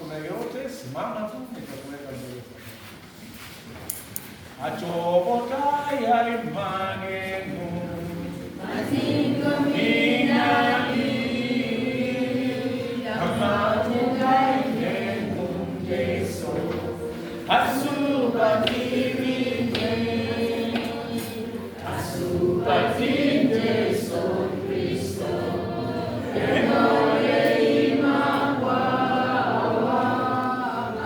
mambo yote, simama tu nitakuweka mbele achobota yale maneno Azul, bandido.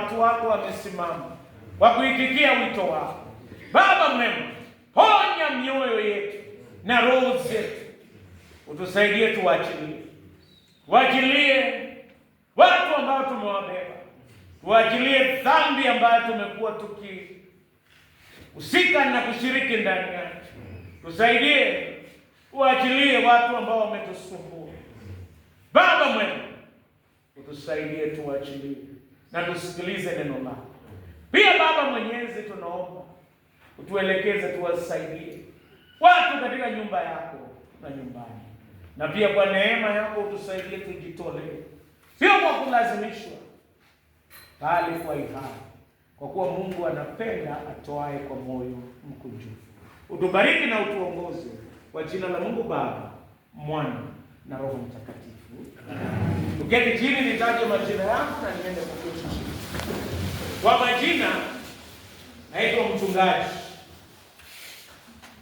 watu wako wamesimama wakuitikia wito wako. Baba mwema, ponya mioyo yetu na roho zetu, utusaidie, tuwachilie, tuwachilie watu ambao tumewabeba, tuwachilie dhambi ambayo tumekuwa tukihusika na kushiriki ndani yake, tusaidie, tuwachilie watu ambao wametusumbua. Baba mwema, utusaidie, tuwachilie na tusikilize neno lako. Pia Baba Mwenyezi, tunaomba utuelekeze, tuwasaidie watu katika nyumba yako na nyumbani, na pia kwa neema yako utusaidie tujitolee, sio kwa kulazimishwa, bali kwa hiari, kwa kuwa Mungu anapenda atoae kwa moyo mkunjufu. Utubariki na utuongoze kwa jina la Mungu Baba, Mwana na Roho Mtakatifu. Uketi chini, nitaje majina yangu na niende kuketi chini. Kwa majina naitwa mchungaji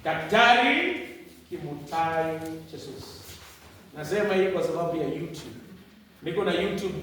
Daktari Kimutai Jesus. Nasema hii kwa sababu ya YouTube. Niko na YouTube